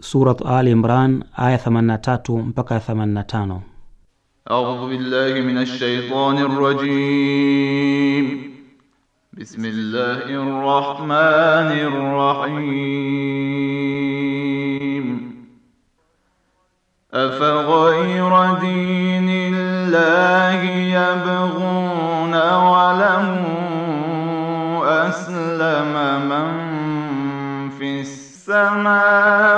سورة آل Imran آية 83 mpaka 85. أعوذ بالله من الشيطان الرجيم بسم الله الرحمن الرحيم أفغير دين الله يبغون وله أسلم من في السماء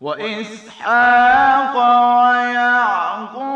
wa ishaqa wa yaqub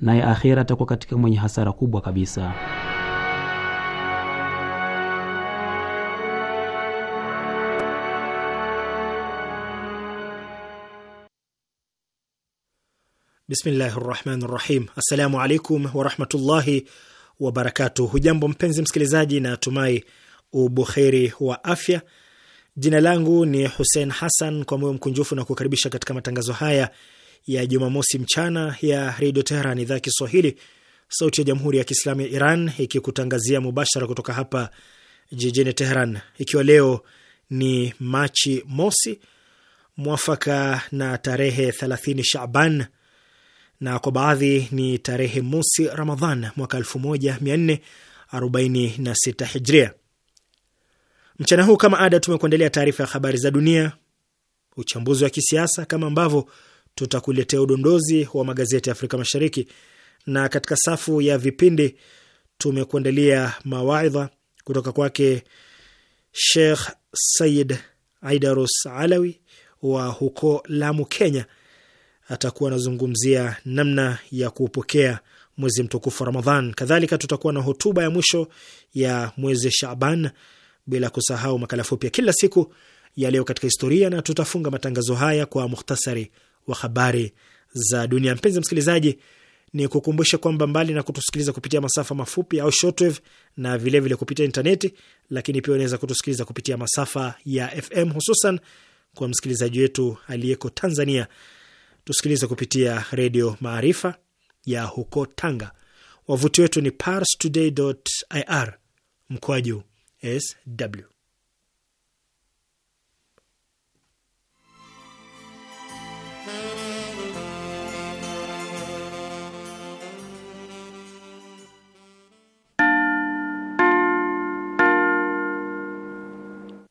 naye akhira atakuwa katika mwenye hasara kubwa kabisa. Bismillahi rahmani rahim. Assalamu alaikum warahmatullahi wabarakatu. Hujambo mpenzi msikilizaji, na tumai ubuheri wa afya. Jina langu ni Hussein Hassan, kwa moyo mkunjufu na kukaribisha katika matangazo haya ya Jumamosi mchana ya Redio Teheran, idhaa ya Kiswahili, sauti ya Jamhuri ya Kiislamu ya Iran, ikikutangazia mubashara kutoka hapa jijini Teheran, ikiwa leo ni Machi mosi mwafaka na tarehe 30 Shaban na kwa baadhi ni tarehe mosi Ramadhan mwaka 1446 Hijria. Mchana huu kama ada, tumekuandalia taarifa ya habari za dunia, uchambuzi wa kisiasa, kama ambavyo tutakuletea udondozi wa magazeti ya Afrika Mashariki, na katika safu ya vipindi tumekuandalia mawaidha kutoka kwake Sheikh Sayid Aidarus Alawi wa huko Lamu, Kenya. Atakuwa anazungumzia namna ya kuupokea mwezi mtukufu Ramadhan. Kadhalika tutakuwa na hotuba ya mwisho ya mwezi Shaban, bila kusahau makala fupi ya kila siku ya leo katika historia, na tutafunga matangazo haya kwa mukhtasari wa habari za dunia. Mpenzi msikilizaji, ni kukumbusha kwamba mbali na kutusikiliza kupitia masafa mafupi au shortwave na vilevile vile kupitia intaneti, lakini pia unaweza kutusikiliza kupitia masafa ya FM, hususan kwa msikilizaji wetu aliyeko Tanzania, tusikilize kupitia Redio Maarifa ya huko Tanga. Wavuti wetu ni parstoday.ir mkoaju sw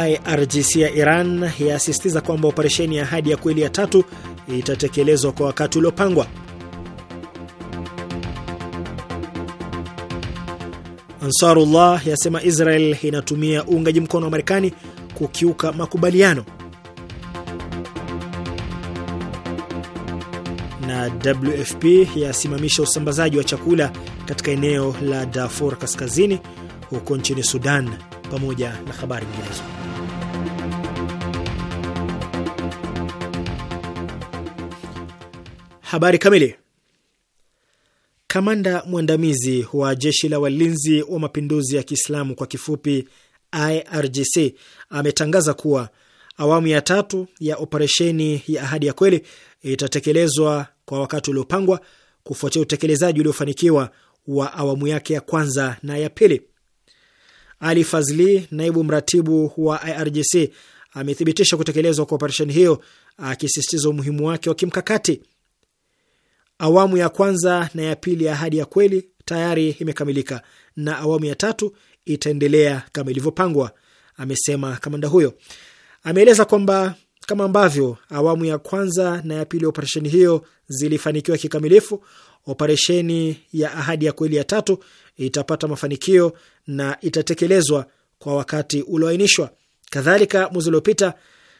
IRGC ya Iran yasisitiza kwamba operesheni ya Ahadi ya Kweli ya tatu itatekelezwa kwa wakati uliopangwa. Ansarullah yasema Israel inatumia uungaji mkono wa Marekani kukiuka makubaliano. Na WFP yasimamisha usambazaji wa chakula katika eneo la Darfur Kaskazini huko nchini Sudan, pamoja na habari nyinginezo. Habari kamili. Kamanda mwandamizi wa jeshi la walinzi wa mapinduzi ya Kiislamu kwa kifupi IRGC ametangaza kuwa awamu ya tatu ya operesheni ya Ahadi ya Kweli itatekelezwa kwa wakati uliopangwa kufuatia utekelezaji uliofanikiwa wa awamu yake ya kwanza na ya pili. Ali Fazli, naibu mratibu wa IRGC, amethibitisha kutekelezwa kwa operesheni hiyo, akisisitiza umuhimu wake wa kimkakati Awamu ya kwanza na ya pili ya Ahadi ya Kweli tayari imekamilika na awamu ya tatu itaendelea kama ilivyopangwa, amesema kamanda huyo. Ameeleza kwamba kama ambavyo awamu ya kwanza na ya pili ya operesheni hiyo zilifanikiwa kikamilifu, operesheni ya Ahadi ya Kweli ya tatu itapata mafanikio na itatekelezwa kwa wakati ulioainishwa. Kadhalika, mwezi uliopita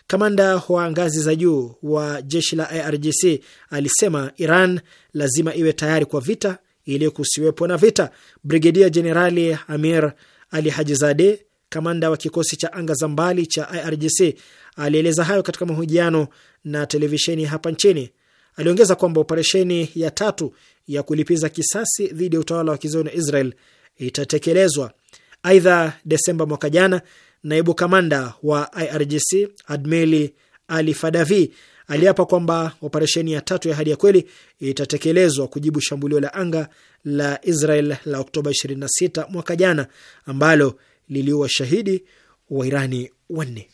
Kamanda wa ngazi za juu wa jeshi la IRGC alisema Iran lazima iwe tayari kwa vita ili kusiwepo na vita. Brigedia Jenerali Amir Ali Hajizade, kamanda wa kikosi cha anga za mbali cha IRGC, alieleza hayo katika mahojiano na televisheni hapa nchini. Aliongeza kwamba operesheni ya tatu ya kulipiza kisasi dhidi ya utawala wa kizayuni Israel itatekelezwa. Aidha, Desemba mwaka jana naibu kamanda wa IRGC Admeli Ali Fadavi aliapa kwamba operesheni ya tatu ya hadi ya Kweli itatekelezwa kujibu shambulio la anga la Israel la Oktoba 26 mwaka jana ambalo liliua shahidi wa Irani wanne.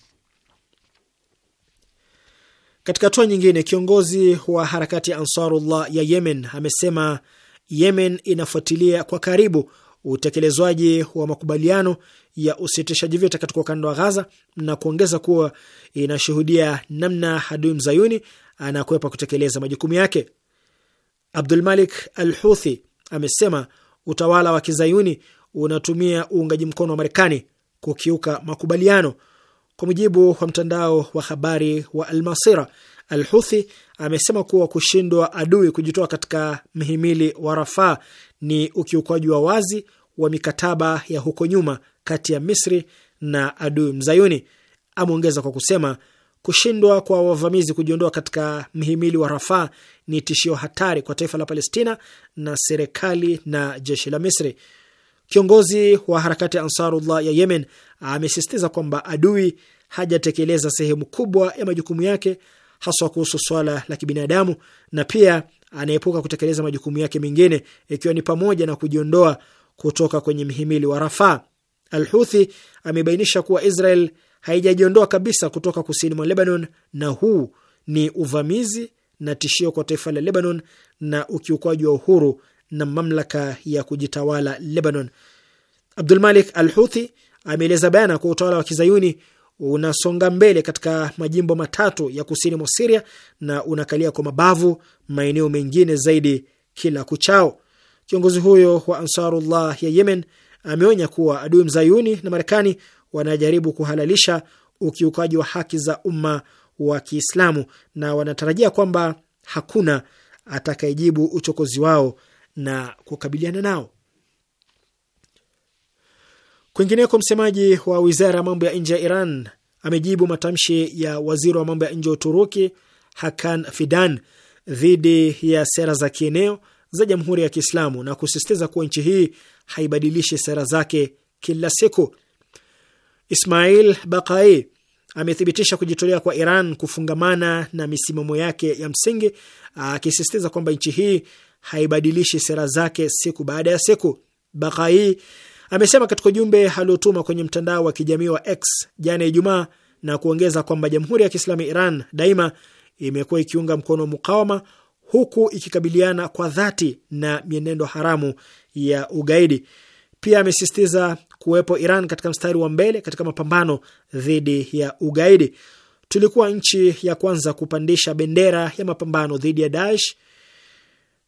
Katika hatua nyingine, kiongozi wa harakati ya Ansarullah ya Yemen amesema Yemen inafuatilia kwa karibu utekelezwaji wa makubaliano ya usitishaji vita katika ukanda wa Ghaza na kuongeza kuwa inashuhudia namna adui mzayuni anakwepa kutekeleza majukumu yake. abdul malik al Huthi amesema utawala wa kizayuni unatumia uungaji mkono wa Marekani kukiuka makubaliano. Kwa mujibu wa mtandao wa habari wa Almasira, Alhuthi amesema kuwa kushindwa adui kujitoa katika mhimili wa Rafaa ni ukiukwaji wa wazi wa mikataba ya huko nyuma kati ya Misri na adui mzayuni. Ameongeza kwa kusema kushindwa kwa wavamizi kujiondoa katika mhimili wa Rafaa ni tishio hatari kwa taifa la Palestina na serikali na jeshi la Misri. Kiongozi wa harakati ya Ansarullah ya Yemen amesisitiza kwamba adui hajatekeleza sehemu kubwa ya majukumu yake haswa kuhusu swala la kibinadamu, na pia anaepuka kutekeleza majukumu yake mengine ikiwa ni pamoja na kujiondoa kutoka kwenye mhimili wa Rafaa. al amebainisha kuwa Israel haijajiondoa kabisa kutoka kusini mwa Lebanon, na huu ni uvamizi na tishio kwa taifa la Lebanon na ukiukwaji wa uhuru na mamlaka ya kujitawala Lebanon. Abdulmalik al ameeleza bayana kwa utawala wa kizayuni unasonga mbele katika majimbo matatu ya kusini mwa Siria na unakalia kwa mabavu maeneo mengine zaidi kila kuchao. Kiongozi huyo wa Ansarullah ya Yemen ameonya kuwa adui mzayuni na Marekani wanajaribu kuhalalisha ukiukaji wa haki za umma wa Kiislamu na wanatarajia kwamba hakuna atakayejibu uchokozi wao na kukabiliana nao. Kwingineko, msemaji wa wizara ya mambo ya nje ya Iran amejibu matamshi ya waziri wa mambo ya nje wa Uturuki Hakan Fidan dhidi ya sera za kieneo za Jamhuri ya Kiislamu na kusisitiza kuwa nchi hii haibadilishi sera zake kila siku. Ismail Bakai amethibitisha kujitolea kwa Iran kufungamana na misimamo yake ya msingi, akisisitiza kwamba nchi hii haibadilishi sera zake siku baada ya siku. Bakai Amesema katika ujumbe aliotuma kwenye mtandao wa kijamii wa X jana Ijumaa na kuongeza kwamba Jamhuri ya Kiislamu Iran daima imekuwa ikiunga mkono mukawama huku ikikabiliana kwa dhati na mienendo haramu ya ugaidi. Pia amesisitiza kuwepo Iran katika mstari wa mbele katika mapambano dhidi ya ugaidi. Tulikuwa nchi ya kwanza kupandisha bendera ya mapambano dhidi ya Daesh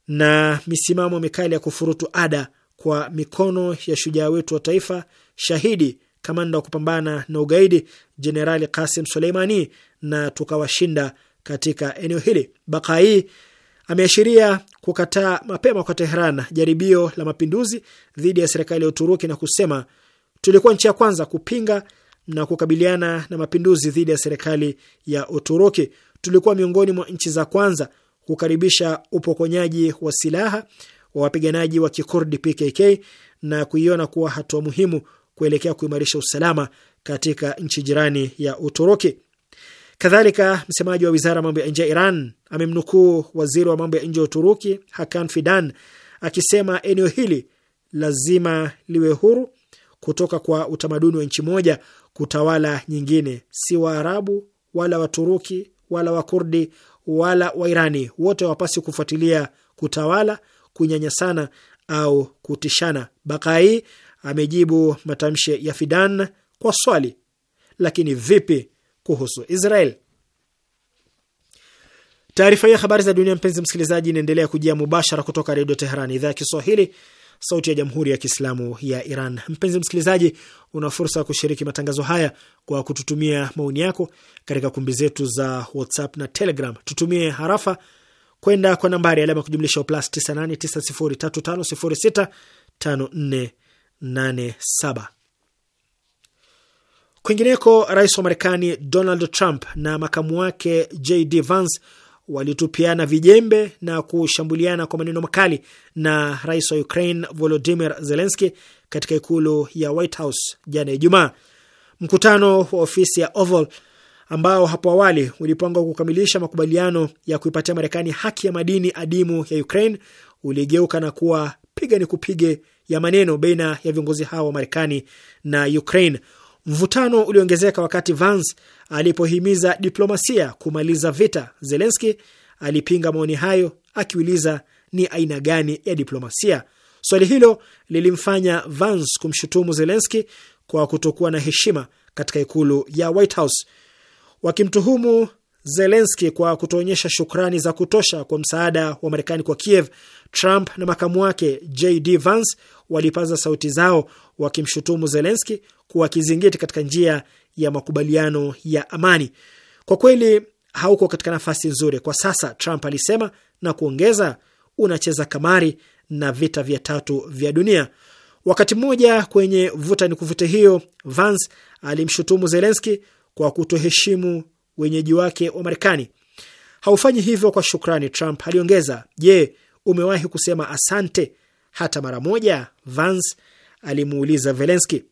na misimamo mikali ya kufurutu ada kwa mikono ya shujaa wetu wa taifa shahidi kamanda wa kupambana na ugaidi Jenerali Kasim Suleimani na tukawashinda katika eneo hili. Bakai ameashiria kukataa mapema kwa Tehran jaribio la mapinduzi dhidi ya serikali ya Uturuki na kusema, tulikuwa nchi ya kwanza kupinga na kukabiliana na mapinduzi dhidi ya serikali ya Uturuki. Tulikuwa miongoni mwa nchi za kwanza kukaribisha upokonyaji wa silaha wa wapiganaji wa Kikurdi PKK na kuiona kuwa hatua muhimu kuelekea kuimarisha usalama katika nchi jirani ya Uturuki. Kadhalika, msemaji wa wizara ya mambo ya nje ya Iran amemnukuu waziri wa mambo ya nje ya Uturuki Hakan Fidan akisema eneo hili lazima liwe huru kutoka kwa utamaduni wa nchi moja kutawala nyingine. Si Waarabu wala Waturuki wala Wakurdi wala Wairani wote wapasi kufuatilia kutawala kunyanyasana au kutishana. Bakai amejibu matamshi ya Fidan kwa swali, lakini vipi kuhusu Israel? Taarifa hii ya habari za dunia, mpenzi msikilizaji, inaendelea kujia mubashara kutoka Redio Teheran, idhaa ya Kiswahili, sauti ya jamhuri ya kiislamu ya Iran. Mpenzi msikilizaji, una fursa ya kushiriki matangazo haya kwa kututumia maoni yako katika kumbi zetu za WhatsApp na Telegram. Tutumie harafa kwenda kwa nambari alama ya kujumlisha plus 989035065487. Kwingineko, rais wa Marekani Donald Trump na makamu wake JD Vance walitupiana vijembe na kushambuliana kwa maneno makali na rais wa Ukraine volodimir zelenski katika ikulu ya White House jana Ijumaa. Mkutano wa ofisi ya Oval ambao hapo awali ulipangwa kukamilisha makubaliano ya kuipatia Marekani haki ya madini adimu ya Ukraine uligeuka na kuwa piga ni kupige ya maneno baina ya viongozi hao wa Marekani na Ukraine. Mvutano uliongezeka wakati Vance alipohimiza diplomasia kumaliza vita. Zelenski alipinga maoni hayo akiuliza ni aina gani ya diplomasia? Swali hilo lilimfanya Vance kumshutumu Zelenski kwa kutokuwa na heshima katika ikulu ya White House wakimtuhumu Zelenski kwa kutoonyesha shukrani za kutosha kwa msaada wa Marekani kwa Kiev. Trump na makamu wake JD Vance walipaza sauti zao wakimshutumu Zelenski kuwa kizingiti katika njia ya makubaliano ya amani. Kwa kweli hauko katika nafasi nzuri kwa sasa, Trump alisema na kuongeza, unacheza kamari na vita vya tatu vya dunia. Wakati mmoja kwenye vuta ni kuvute hiyo, Vance alimshutumu Zelenski kwa kutoheshimu wenyeji wake wa Marekani. Haufanyi hivyo kwa shukrani, Trump aliongeza. Je, umewahi kusema asante hata mara moja? Vance alimuuliza Zelensky.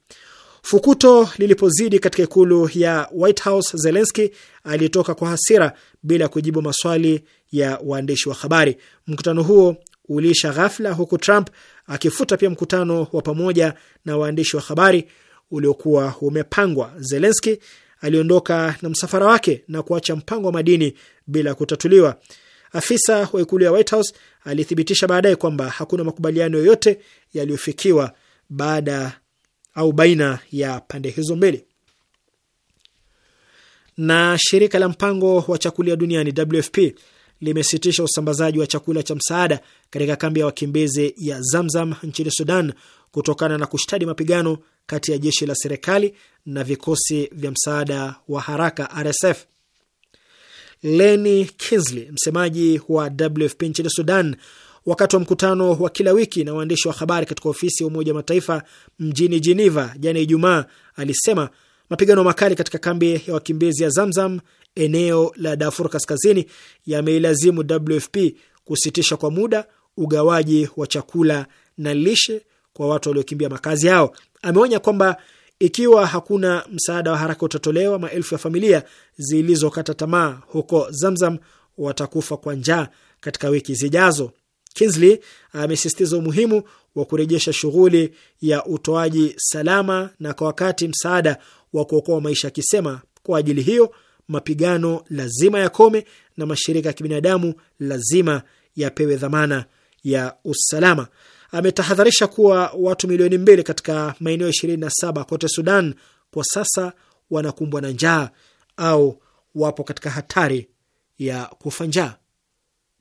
Fukuto lilipozidi katika ikulu ya White House, Zelensky alitoka kwa hasira bila kujibu maswali ya waandishi wa habari. Mkutano huo uliisha ghafla, huku Trump akifuta pia mkutano wa pamoja na waandishi wa habari uliokuwa umepangwa. Zelensky aliondoka na msafara wake na kuacha mpango wa madini bila kutatuliwa. Afisa wa ikulu ya White House alithibitisha baadaye kwamba hakuna makubaliano yoyote yaliyofikiwa baada au baina ya pande hizo mbili. Na shirika la mpango wa chakula duniani WFP limesitisha usambazaji wa chakula cha msaada katika kambi ya wakimbizi ya Zamzam nchini Sudan kutokana na kushtadi mapigano kati ya jeshi la serikali na vikosi vya msaada wa haraka RSF. Leni Kinsley, msemaji wa WFP nchini Sudan, wakati wa mkutano wa kila wiki na waandishi wa habari katika ofisi ya Umoja wa Mataifa mjini Geneva jana Ijumaa, alisema mapigano makali katika kambi ya wakimbizi ya Zamzam eneo la Darfur Kaskazini yameilazimu WFP kusitisha kwa muda ugawaji wa chakula na lishe kwa watu waliokimbia makazi yao. Ameonya kwamba ikiwa hakuna msaada wa haraka utatolewa, maelfu ya familia zilizokata tamaa huko Zamzam watakufa kwa njaa katika wiki zijazo. Kinsley amesisitiza umuhimu wa kurejesha shughuli ya utoaji salama na kwa wakati msaada wa kuokoa maisha, akisema kwa ajili hiyo mapigano lazima yakome na mashirika ya kibinadamu lazima yapewe dhamana ya usalama ametahadharisha kuwa watu milioni mbili katika maeneo saba kote Sudan kwa sasa wanakumbwa na njaa au wapo katika hatari ya kufa njaa.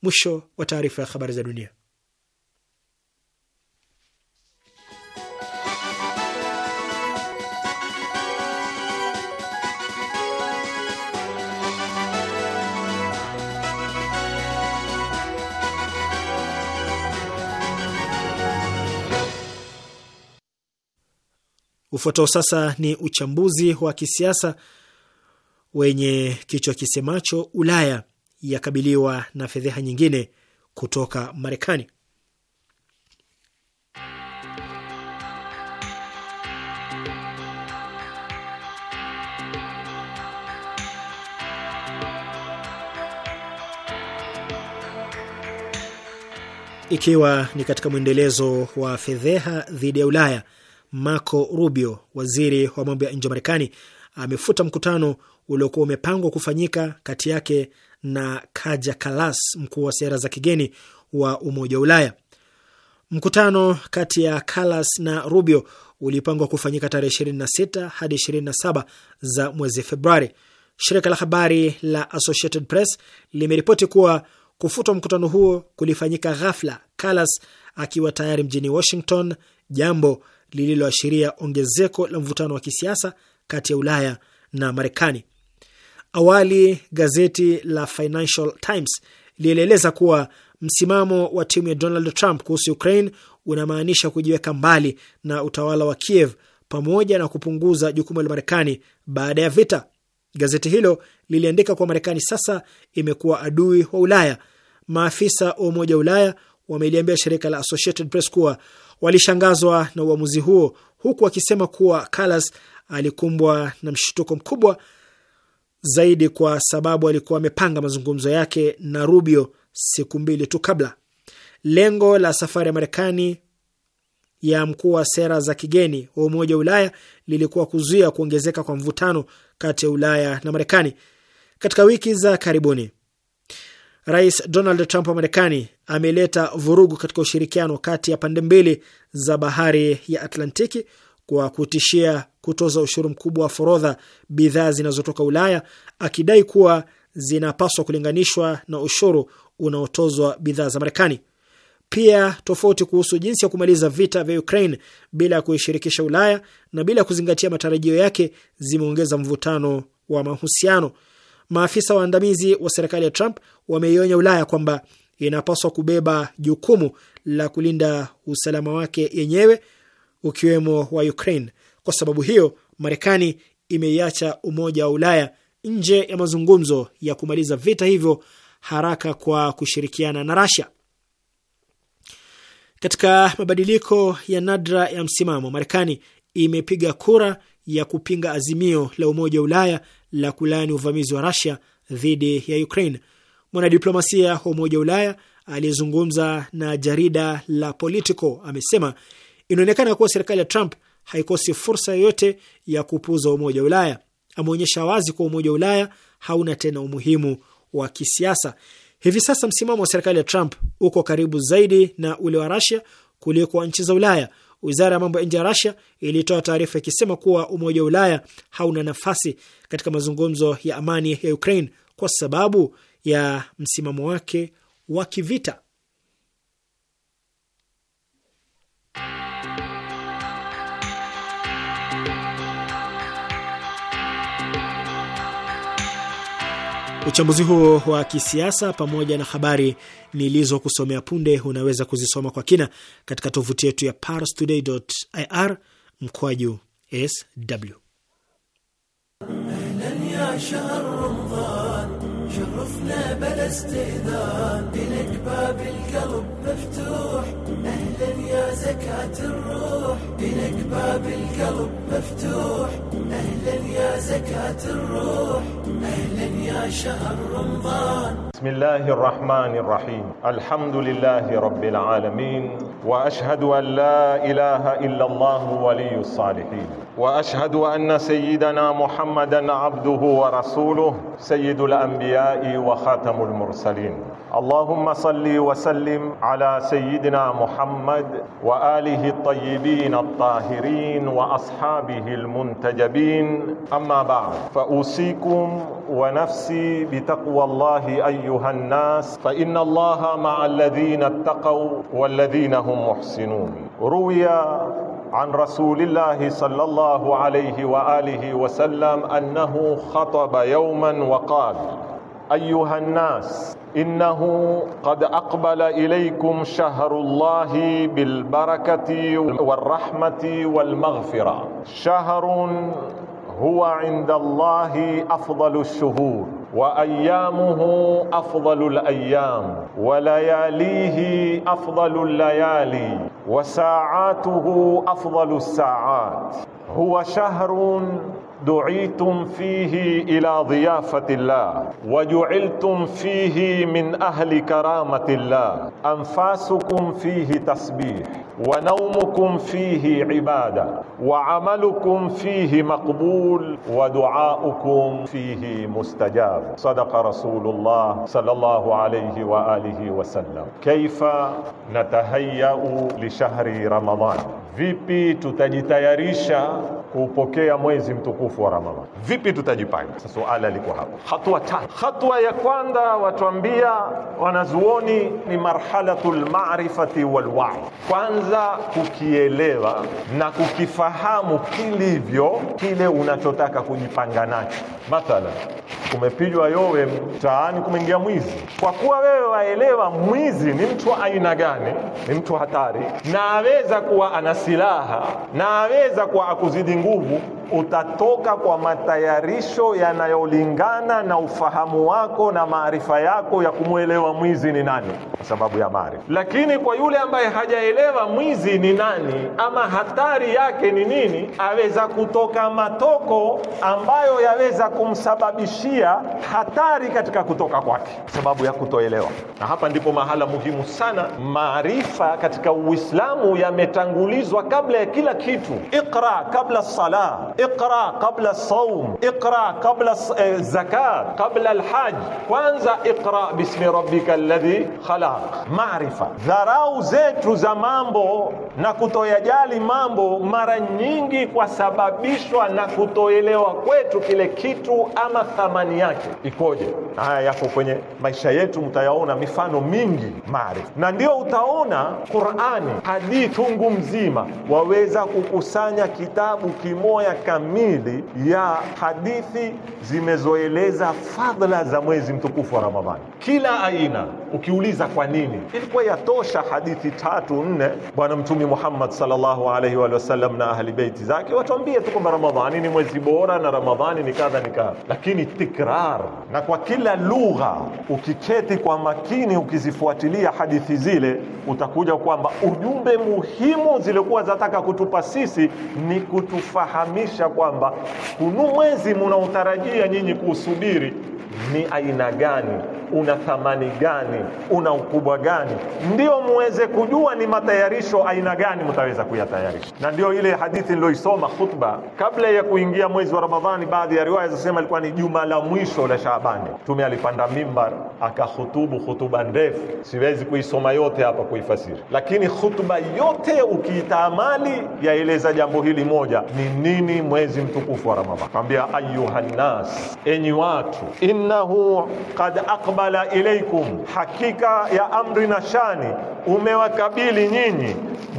Mwisho wa taarifa ya habari za dunia. Ufuatao sasa ni uchambuzi wa kisiasa wenye kichwa kisemacho Ulaya yakabiliwa na fedheha nyingine kutoka Marekani. Ikiwa ni katika mwendelezo wa fedheha dhidi ya Ulaya, Marco Rubio, waziri wa mambo ya nje wa Marekani, amefuta mkutano uliokuwa umepangwa kufanyika kati yake na Kaja Kalas, mkuu wa sera za kigeni wa Umoja wa Ulaya. Mkutano kati ya Kalas na Rubio ulipangwa kufanyika tarehe 26 hadi 27 za mwezi Februari. Shirika la habari la Associated Press limeripoti kuwa kufutwa mkutano huo kulifanyika ghafla, Kalas akiwa tayari mjini Washington, jambo lililoashiria ongezeko la mvutano wa kisiasa kati ya Ulaya na Marekani. Awali gazeti la Financial Times lilieleza kuwa msimamo wa timu ya Donald Trump kuhusu Ukraine unamaanisha kujiweka mbali na utawala wa Kiev pamoja na kupunguza jukumu la Marekani baada ya vita. Gazeti hilo liliandika kuwa Marekani sasa imekuwa adui wa Ulaya. Maafisa wa Umoja wa Ulaya wameliambia shirika la Associated Press kuwa walishangazwa na uamuzi huo, huku wakisema kuwa kalas alikumbwa na mshtuko mkubwa zaidi kwa sababu alikuwa amepanga mazungumzo yake na Rubio siku mbili tu kabla. Lengo la safari ya Marekani ya mkuu wa sera za kigeni wa Umoja wa Ulaya lilikuwa kuzuia kuongezeka kwa mvutano kati ya Ulaya na Marekani. Katika wiki za karibuni, Rais Donald Trump wa Marekani ameleta vurugu katika ushirikiano kati ya pande mbili za bahari ya Atlantiki kwa kutishia kutoza ushuru mkubwa wa forodha bidhaa zinazotoka Ulaya, akidai kuwa zinapaswa kulinganishwa na ushuru unaotozwa bidhaa za Marekani. Pia tofauti kuhusu jinsi ya kumaliza vita vya Ukraine bila ya kuishirikisha Ulaya na bila ya kuzingatia matarajio yake zimeongeza mvutano wa mahusiano. Maafisa waandamizi wa serikali ya Trump wameionya Ulaya kwamba inapaswa kubeba jukumu la kulinda usalama wake yenyewe ukiwemo wa Ukraine. Kwa sababu hiyo, Marekani imeiacha Umoja wa Ulaya nje ya mazungumzo ya kumaliza vita hivyo haraka kwa kushirikiana na Russia. Katika mabadiliko ya nadra ya msimamo, Marekani imepiga kura ya kupinga azimio la Umoja wa Ulaya la kulaani uvamizi wa Russia dhidi ya Ukraine. Mwanadiplomasia wa Umoja wa Ulaya aliyezungumza na jarida la Politico amesema inaonekana kuwa serikali ya Trump haikosi fursa yoyote ya kupuuza Umoja wa Ulaya. Ameonyesha wazi kuwa Umoja wa Ulaya hauna tena umuhimu wa kisiasa. Hivi sasa msimamo wa serikali ya Trump uko karibu zaidi na ule wa Russia kuliko nchi za Ulaya Wizara ya mambo ya nje ya Rasia ilitoa taarifa ikisema kuwa Umoja wa Ulaya hauna nafasi katika mazungumzo ya amani ya Ukraine kwa sababu ya msimamo wake wa kivita. Uchambuzi huo wa kisiasa pamoja na habari nilizokusomea punde unaweza kuzisoma kwa kina katika tovuti yetu ya parstoday.ir mkwaju sw شفنا بلا استئذان لك باب القلب مفتوح اهلا يا زكاة الروح لك باب القلب مفتوح اهلا يا زكاة الروح اهلا يا شهر رمضان بسم الله الرحمن الرحيم الحمد لله رب العالمين واشهد ان لا اله الا الله ولي الصالحين واشهد ان سيدنا محمدا عبده ورسوله سيد الانبياء وخاتم المرسلين اللهم صل وسلم على سيدنا محمد وآله الطيبين الطاهرين وأصحابه المنتجبين أما بعد فأوصيكم ونفسي بتقوى الله أيها الناس فإن الله مع الذين اتقوا والذين هم محسنون روي عن رسول الله صلى الله عليه وآله وسلم أنه خطب يوما وقال أيها الناس إنه قد أقبل إليكم شهر الله بالبركة والرحمة والمغفرة شهر هو عند الله أفضل الشهور وايامه افضل الايام ولياليه افضل الليالي وساعاته افضل الساعات هو شهر دعيتم فيه الى ضيافه الله وجعلتم فيه من اهل كرامه الله انفاسكم فيه تسبيح ونومكم فيه عباده وعملكم فيه مقبول ودعاؤكم فيه مستجاب صدق رسول الله صلى الله عليه واله وسلم كيف نتهيا لشهر رمضان vipi tutajitayarisha kuupokea mwezi mtukufu wa Ramadhani. Vipi tutajipanga? Sasa suala alikuwa hapo. Hatua tatu. Hatua ya kwanza watuambia wanazuoni ni marhalatul ma'rifati wal wa'i, kwanza kukielewa na kukifahamu kilivyo kile unachotaka kujipanga nacho. Mathalan, kumepijwa yowe mtaani, kumeingia mwizi. Kwa kuwa wewe waelewa mwizi ni mtu aina gani, ni mtu hatari, na aweza kuwa ana silaha na aweza kuwa akuzidi 过午。utatoka kwa matayarisho yanayolingana na ufahamu wako na maarifa yako ya kumwelewa mwizi ni nani, kwa sababu ya maarifa. Lakini kwa yule ambaye hajaelewa mwizi ni nani ama hatari yake ni nini, aweza kutoka matoko ambayo yaweza kumsababishia hatari katika kutoka kwake, sababu ya kutoelewa. Na hapa ndipo mahala muhimu sana, maarifa katika Uislamu yametangulizwa kabla ya kila kitu. Iqra kabla sala iqra qabla saum, iqra qabla eh, zakat, qabla alhaj. Kwanza iqra bismi rabbika alladhi khalaq, maarifa. Dharau zetu za mambo na kutoyajali mambo mara nyingi kwasababishwa na kutoelewa kwetu kile kitu ama thamani yake ikoje. Haya yako kwenye maisha yetu, mtayaona mifano mingi maarifa, na ndio utaona Qurani hadithi tungu mzima waweza kukusanya kitabu kimoya kamili ya hadithi zimezoeleza fadhila za mwezi mtukufu wa Ramadhani kila aina. Ukiuliza kwa nini, ilikuwa yatosha hadithi tatu nne, Bwana Mtume Muhammad sallallahu alaihi wa sallam na ahli beiti zake watuambie tu kwamba Ramadhani ni mwezi bora na Ramadhani ni kadha ni kadha, lakini tikrar na kwa kila lugha, ukiketi kwa makini, ukizifuatilia hadithi zile, utakuja kwamba ujumbe muhimu zilikuwa zataka kutupa sisi ni kutufahamisha kwamba kunu mwezi munaotarajia nyinyi kuusubiri ni aina gani una thamani gani, una ukubwa gani, ndio muweze kujua ni matayarisho aina gani mtaweza kuyatayarisha. Na ndio ile hadithi niloisoma khutba kabla ya kuingia mwezi wa Ramadhani, baadhi ya riwaya zinasema ilikuwa ni juma la mwisho la Shaabani. Mtume alipanda mimbar akahutubu hutuba ndefu, siwezi kuisoma yote hapa kuifasiri, lakini khutba yote ukiitaamali yaeleza jambo hili moja, ni nini mwezi mtukufu wa Ramadhani. kwambia ayuhannas, enyi watu, innahu qad aqbala ilaikum, hakika ya amri na shani umewakabili nyinyi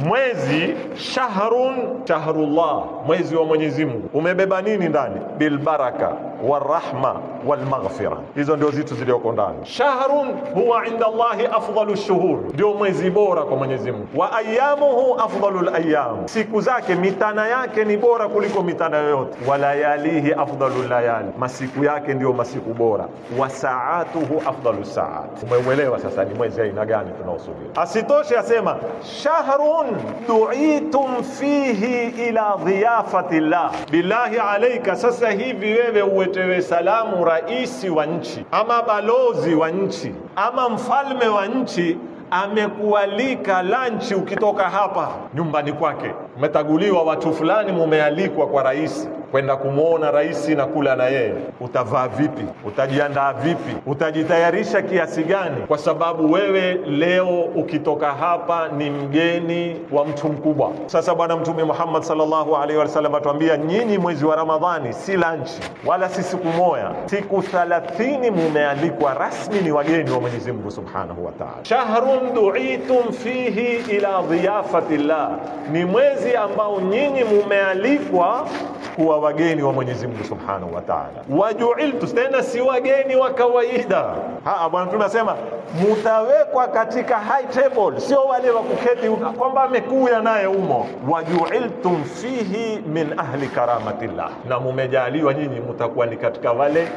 mwezi shahrun shahrullah, mwezi wa Mwenyezi Mungu. Umebeba nini ndani? Bilbaraka wal maghfira. hizo ndio zitu zilizoko ndani. Shahrun huwa inda Allahi afdalu shuhur, ndio mwezi bora kwa Mwenyezi Mungu. Wa ayamuhu afdalu layam, siku zake mitana yake ni bora kuliko mitana yoyote. Wa layalihi afdalu layali, masiku yake ndio masiku bora. Wa saatuhu afdalu saat. Umeuelewa sasa ni mwezi aina gani tunaosubiri? Asitoshe asema shahrun duitum fihi ila dhiyafati llah, billahi alaika, sasa hivi wewe uwe uletewe salamu rais wa nchi ama balozi wa nchi ama mfalme wa nchi amekualika lanchi ukitoka hapa nyumbani kwake, umetaguliwa watu fulani, mumealikwa kwa rais kwenda kumwona rais na kula na yeye, utavaa vipi? Utajiandaa vipi? Utajitayarisha kiasi gani? Kwa sababu wewe leo ukitoka hapa ni mgeni wa mtu mkubwa. Sasa Bwana Mtume Muhammad sallallahu alaihi wasallam atuambia, nyinyi mwezi wa Ramadhani si lanchi wala si siku moya, siku thalathini mumealikwa rasmi, ni wageni wa Mwenyezi Mungu subhanahu wa taala. Shahrun duitum fihi ila llah, ni mwezi ambao nyinyi mumealikwa kuwa wageni wa Mwenyezi Mungu Subhanahu wa Ta'ala. Wajuiltu, tena si wageni wa kawaida. Ah, Bwana Mtume mutawekwa katika high table, sio wale wa kuketi kwamba amekuya naye umo. Wajuiltum fihi min ahli karamatillah, na mumejaliwa nyinyi mutakuwa ni katika wale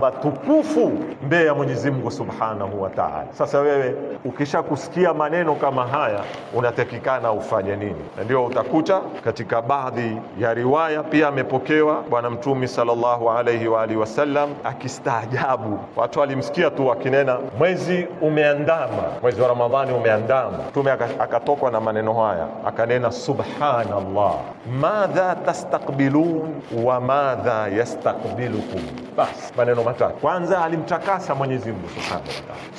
watukufu mbele ya Mwenyezi Mungu Subhanahu wa Ta'ala. Sasa wewe ukishakusikia maneno kama haya, unatakikana ufanye nini? Na ndio utakuta katika baadhi ya riwaya pia amepokea imepokewa Bwana Mtume sallallahu alayhi wa alihi wasallam akistaajabu. Watu walimsikia tu akinena mwezi umeandama, mwezi wa Ramadhani umeandama. Mtume akatokwa na maneno haya akanena, subhanallah madha tastakbilun wa madha yastakbilukum. Bas, maneno matatu. Kwanza alimtakasa Mwenyezi Mungu subhanahu wa taala.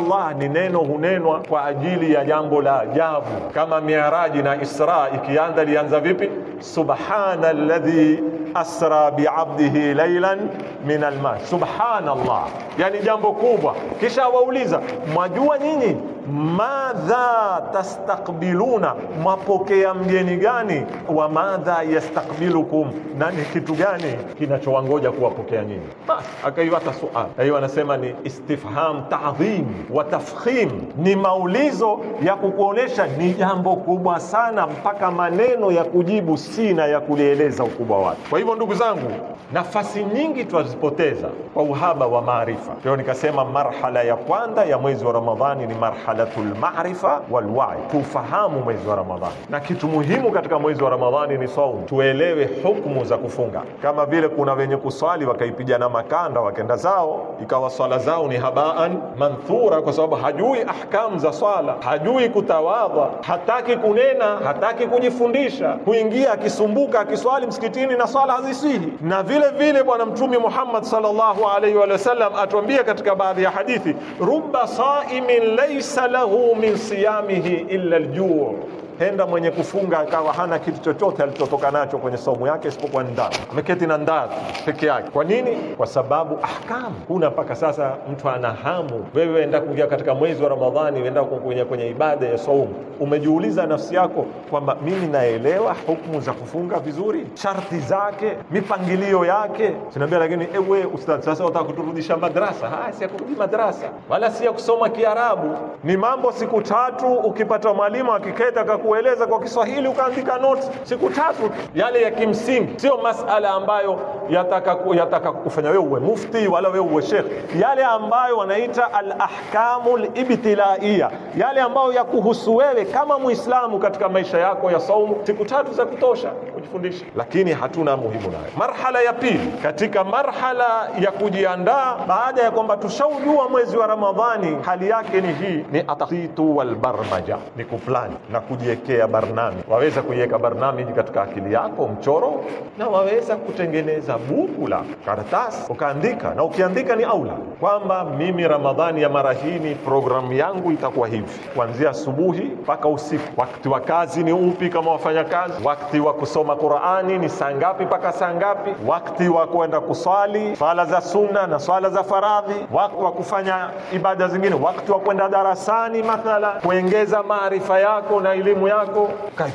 Subhanallah ni neno hunenwa kwa ajili ya jambo la ajabu kama miaraji na Isra ikianza lianza vipi? subhana alladhi alladhi asra biabdihi laylan min almasjid. Subhanallah, yani jambo kubwa. Kisha wauliza, mwajua nyinyi madha tastakbiluna, mwapokea mgeni gani? Wa madha yastakbilukum, na ni kitu gani kinachowangoja kuwapokea nyinyi? Basi akaiwata suali hiyo, anasema ni istifham ta'dhim wa tafkhim, ni maulizo ya kukuonesha ni jambo kubwa sana, mpaka maneno ya kujibu sina ya kulieleza ukubwa wake. Kwa hivyo, ndugu zangu, nafasi nyingi twazipoteza kwa uhaba wa maarifa. Leo nikasema marhala ya kwanza ya mwezi wa Ramadhani ni marhala ibadatul lmarifa walwai, kufahamu tuufahamu mwezi wa Ramadhani. Na kitu muhimu katika mwezi wa Ramadhani ni saum, tuelewe hukumu za kufunga. Kama vile kuna wenye kuswali wakaipijana makanda wakenda zao, ikawa swala zao ni habaan manthura, kwa sababu hajui ahkamu za swala, hajui kutawadha, hataki kunena, hataki kujifundisha, kuingia akisumbuka, akiswali msikitini na swala hazisihi. Na vile vile Bwana Mtume Muhammad sallallahu alaihi wa sallam atuambia katika baadhi ya hadithi, rubba saimin laysa له من صيامه إلا الجوع henda mwenye kufunga akawa hana kitu chochote alichotoka nacho kwenye saumu yake isipokuwa ndani, ameketi na ndani peke yake. Kwa nini? Kwa sababu ahkamu huna mpaka sasa. Mtu ana hamu, wewe enda kuingia katika mwezi wa Ramadhani, enda kwenye, kwenye ibada ya saumu, umejiuliza nafsi yako kwamba mimi naelewa hukumu za kufunga vizuri, sharti zake, mipangilio yake, sinaambia. Lakini ewe eh, ustadhi, sasa unataka kuturudisha madrasa? Ha, ah, si ya kurudi madrasa wala si ya kusoma Kiarabu, ni mambo siku tatu. Ukipata mwalimu akiketa akaku kueleza kwa Kiswahili ukaandika notes siku tatu yale ya kimsingi, sio masala ambayo yataka yataka kufanya wewe uwe mufti wala wewe uwe sheikh, yale ambayo wanaita al-ahkamul ibtilaiya, yale ambayo ya kuhusu wewe kama Muislamu katika maisha yako ya saumu. Siku tatu za kutosha kujifundisha, lakini hatuna muhimu nayo. Marhala ya pili katika marhala ya kujiandaa baada ya kwamba tushaujua mwezi wa Ramadhani hali yake ni hii, ni atatitu wal barmaja, ni kuplani na kujiweka kuiwekea barnami. Waweza kuiweka barnami katika akili yako, mchoro, na waweza kutengeneza buku la karatasi ukaandika, na ukiandika ni aula kwamba mimi Ramadhani ya mara hii ni programu yangu itakuwa hivi, kuanzia asubuhi mpaka usiku. Wakati wa kazi ni upi kama wafanya kazi Wakati wa kusoma Qurani ni saa ngapi mpaka saa ngapi? Wakati wa kwenda kuswali swala za sunna na swala za faradhi, wakati wa kufanya ibada zingine, wakati wa kwenda darasani mathala, kuengeza maarifa yako na elimu yako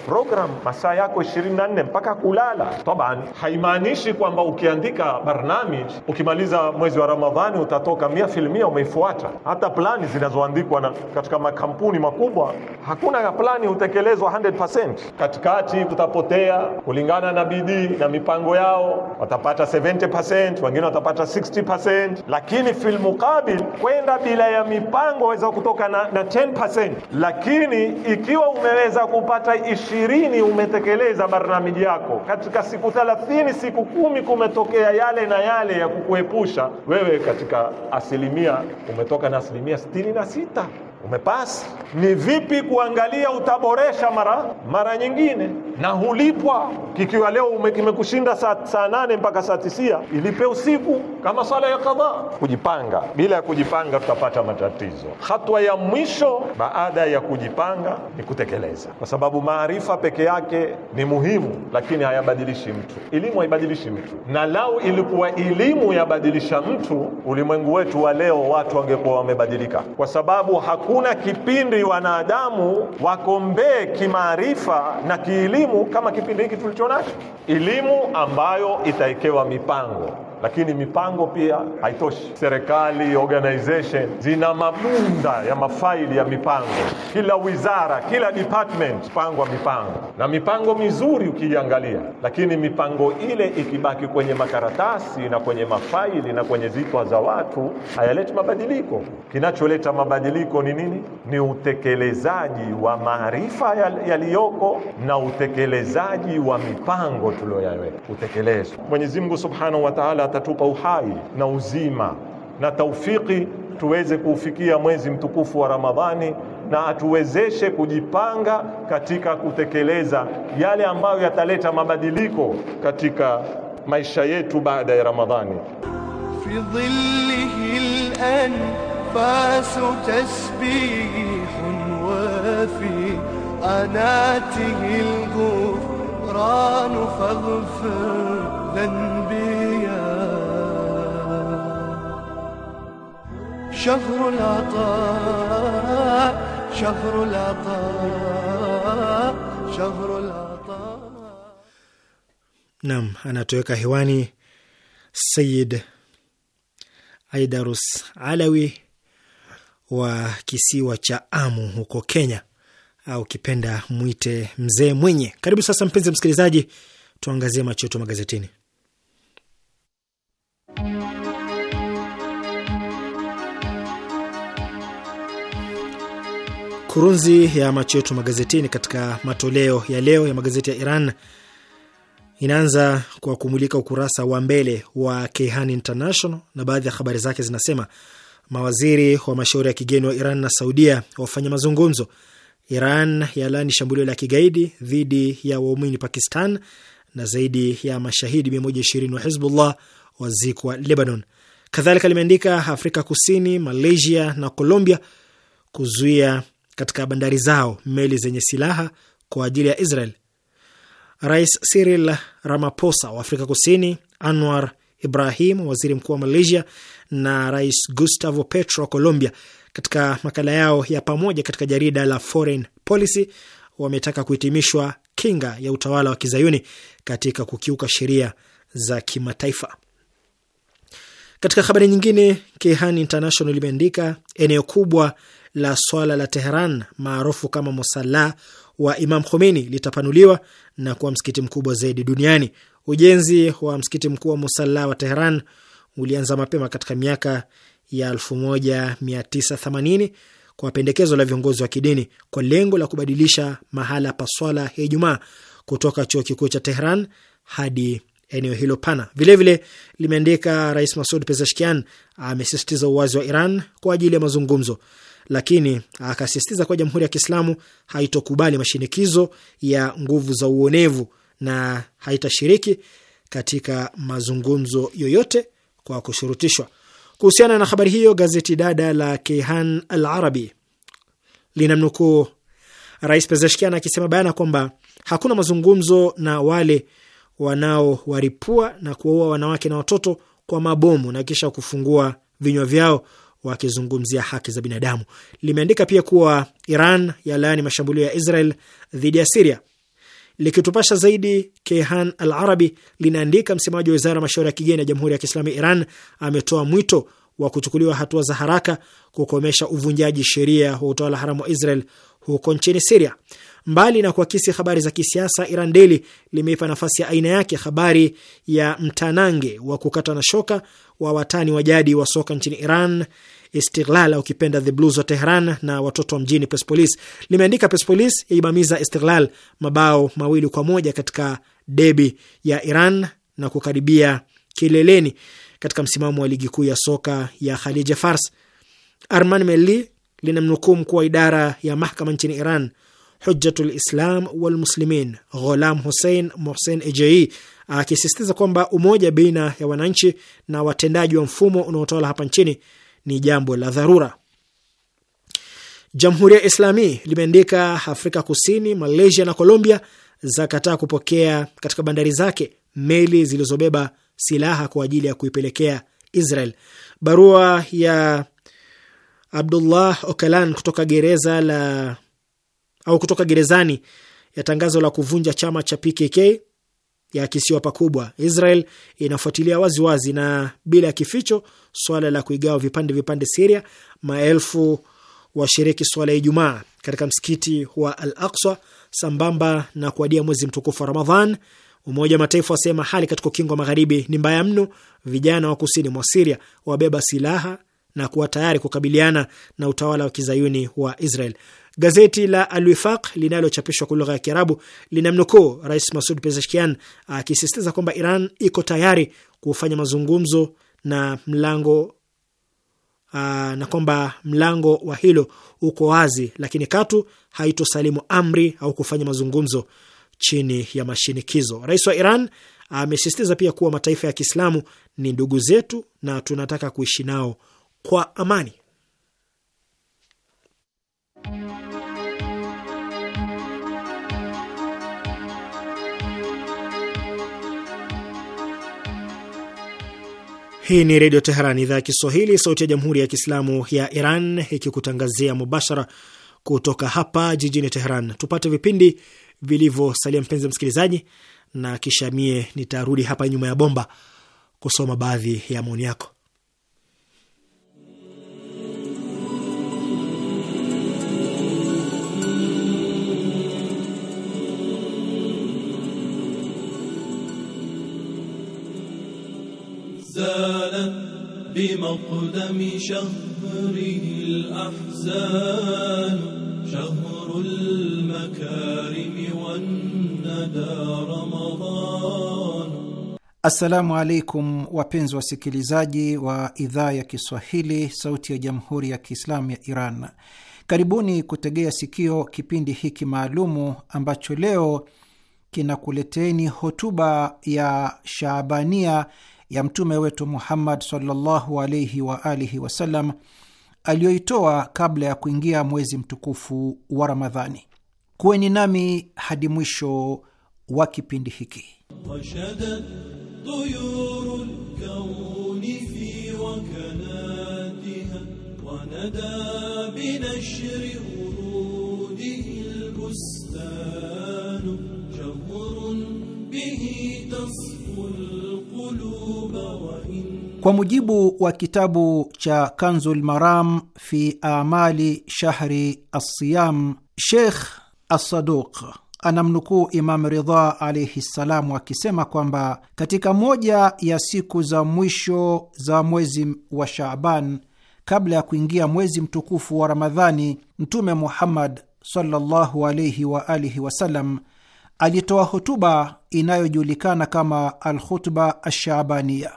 program masaa yako 24 mpaka kulala. Taban haimaanishi kwamba ukiandika barnamij ukimaliza mwezi wa Ramadhani utatoka mia filmia umeifuata. Hata plani zinazoandikwa katika makampuni makubwa, hakuna plani hutekelezwa 100%. Katikati kutapotea kulingana na bidii na mipango yao, watapata 70%, wengine watapata 60%, lakini fil mukabil kwenda bila ya mipango waweza kutoka na, na 10%, lakini ikiwa umeweza unaweza kupata ishirini umetekeleza barnamiji yako katika siku thelathini siku kumi kumetokea yale na yale ya kukuepusha wewe, katika asilimia umetoka na asilimia sitini na sita umepasi. Ni vipi kuangalia utaboresha mara mara nyingine, na hulipwa kikiwa leo kimekushinda saa, saa nane mpaka saa tisia, ilipe usiku kama swala ya kadhaa. Kujipanga, bila ya kujipanga tutapata matatizo. Hatua ya mwisho baada ya kujipanga ni kutekeleza, kwa sababu maarifa peke yake ni muhimu, lakini hayabadilishi mtu. Elimu haibadilishi mtu, na lau ilikuwa elimu yabadilisha mtu, ulimwengu wetu wa leo watu wangekuwa wamebadilika, kwa sababu haku hakuna kipindi wanadamu wakombee kimaarifa na kielimu kama kipindi hiki tulicho nacho, elimu ambayo itawekewa mipango lakini mipango pia haitoshi. Serikali, organization zina mabunda ya mafaili ya mipango, kila wizara, kila department pangwa mipango na mipango mizuri ukiiangalia, lakini mipango ile ikibaki kwenye makaratasi na kwenye mafaili na kwenye zitwa za watu hayaleti mabadiliko. Kinacholeta mabadiliko ni nini? Ni utekelezaji wa maarifa yaliyoko na utekelezaji wa mipango tuliyoyaweka, utekelezo. Mwenyezi Mungu Subhanahu wa Ta'ala atatupa uhai na uzima na taufiki tuweze kuufikia mwezi mtukufu wa Ramadhani na atuwezeshe kujipanga katika kutekeleza yale ambayo yataleta mabadiliko katika maisha yetu baada ya Ramadhani. fi dhillihi al tasbihun wa fi anatihi al faghfir شهر العطاء شهر العطاء شهر العطاء nam anatoweka hewani سيد Aidarus Alawi wa kisiwa cha Amu huko Kenya, au kipenda mwite mzee mwenye. Karibu sasa, mpenzi msikilizaji, tuangazie machoto magazetini Kurunzi ya macho yetu magazetini katika matoleo ya leo ya magazeti ya Iran inaanza kwa kumulika ukurasa wa mbele wa Kehan International na baadhi ya habari zake zinasema: mawaziri wa mashauri ya kigeni wa Iran na Saudia wafanya mazungumzo; Iran yalani shambulio la kigaidi dhidi ya waumini Pakistan; na zaidi ya mashahidi 120 wa Hizbullah wazikwa Lebanon. Kadhalika limeandika Afrika Kusini, Malaysia na Colombia kuzuia katika bandari zao meli zenye silaha kwa ajili ya Israel. Rais Cyril Ramaphosa wa Afrika Kusini, Anwar Ibrahim waziri mkuu wa Malaysia na Rais Gustavo Petro wa Colombia, katika makala yao ya pamoja katika jarida la Foreign Policy wametaka kuhitimishwa kinga ya utawala wa kizayuni katika kukiuka sheria za kimataifa. Katika habari nyingine, Kehan International limeandika eneo kubwa la swala la Teheran maarufu kama musala wa Imam Khomeini litapanuliwa na kuwa msikiti mkubwa zaidi duniani. Ujenzi wa msikiti mkuu wa musalla wa Teheran ulianza mapema katika miaka ya 1980 kwa pendekezo la viongozi wa kidini kwa lengo la kubadilisha mahala pa swala ya Ijumaa kutoka chuo kikuu cha Tehran hadi eneo hilo pana. Vilevile limeandika Rais Masud Pezeshkian amesisitiza uwazi wa Iran kwa ajili ya mazungumzo lakini akasisitiza kuwa Jamhuri ya Kiislamu haitokubali mashinikizo ya nguvu za uonevu na haitashiriki katika mazungumzo yoyote kwa kushurutishwa. Kuhusiana na habari hiyo, gazeti dada la Kehan Al Arabi linamnukuu Rais Pezeshkian akisema bayana kwamba hakuna mazungumzo na wale wanaowaripua na kuwaua wanawake na watoto kwa mabomu na kisha kufungua vinywa vyao wakizungumzia haki za binadamu. Limeandika pia kuwa Iran yalaani mashambulio ya Israel dhidi ya Siria. Likitupasha zaidi, Kehan Al Arabi linaandika, msemaji wa wizara ya mashauri ya kigeni ya Jamhuri ya Kiislamu ya Iran ametoa mwito wa kuchukuliwa hatua za haraka kukomesha uvunjaji sheria wa utawala haramu wa Israel huko nchini Siria. Mbali na kuakisi habari za kisiasa, Iran Daily limeipa nafasi ya aina yake habari ya mtanange wa kukata na shoka wa watani wa jadi wa soka nchini Iran, Istiklal au kipenda The Blues wa Tehran na watoto wa mjini Persepolis. Limeandika Persepolis yaibamiza Istiklal mabao mawili kwa moja katika debi ya Iran na kukaribia kileleni katika msimamo wa ligi kuu ya soka ya Khalije Fars. Arman Meli linamnukuu mkuu wa idara ya mahkama nchini Iran, Hujjatul Islam wal Muslimin Gholam Hussein Mohsen Ejei akisisitiza kwamba umoja baina ya wananchi na watendaji wa mfumo unaotawala hapa nchini ni jambo la dharura. Jamhuri ya Islami limeandika Afrika Kusini, Malaysia na Colombia zakataa kupokea katika bandari zake meli zilizobeba silaha kwa ajili ya kuipelekea Israel. Barua ya Abdullah Ocalan kutoka gereza la au kutoka gerezani ya tangazo la kuvunja chama cha PKK ya kisiwa pakubwa. Israel inafuatilia waziwazi na bila ya kificho swala la kuigawa vipande vipande Siria. Maelfu washiriki swala ya Ijumaa katika msikiti wa Al Aqsa sambamba na kuadia mwezi mtukufu wa Ramadhan Umoja wa Mataifa wasema hali katika ukingo wa magharibi ni mbaya mno. Vijana wa kusini mwa Siria wabeba silaha na kuwa tayari kukabiliana na utawala wa kizayuni wa Israel. Gazeti la Alwifaq linalochapishwa kwa lugha ya Kiarabu linamnukuu Rais Masud Pezeshkian akisisitiza kwamba Iran iko tayari kufanya mazungumzo na mlango aa, ah, na kwamba mlango wa hilo uko wazi, lakini katu haitosalimu amri au kufanya mazungumzo chini ya mashinikizo. Rais wa Iran amesisitiza pia kuwa mataifa ya Kiislamu ni ndugu zetu na tunataka kuishi nao kwa amani. Hii ni Redio Teheran, idhaa ya Kiswahili, sauti ya Jamhuri ya Kiislamu ya Iran, ikikutangazia mubashara kutoka hapa jijini Teheran. Tupate vipindi vilivyosalia, mpenzi msikilizaji, na kisha mie nitarudi hapa nyuma ya bomba kusoma baadhi ya maoni yako. شهر المكارم والندى رمضان. Assalamu alaikum wapenzi wasikilizaji wa idhaa ya Kiswahili sauti ya jamhuri ya Kiislamu ya Iran, karibuni kutegea sikio kipindi hiki maalumu ambacho leo kinakuleteni hotuba ya Shaabania ya mtume wetu Muhammad sallallahu alaihi wa alihi wasallam aliyoitoa kabla ya kuingia mwezi mtukufu wa Ramadhani. Kuweni nami hadi mwisho wa kipindi hiki. Kwa mujibu wa kitabu cha Kanzul Maram fi amali shahri assiyam, Sheikh Assaduq anamnukuu Imam Ridha alaihi ssalam akisema kwamba katika moja ya siku za mwisho za mwezi wa Shaaban kabla ya kuingia mwezi mtukufu wa Ramadhani, Mtume Muhammad sallallahu alaihi wa alihi wasallam alitoa hutuba inayojulikana kama Alkhutba Ashabaniya.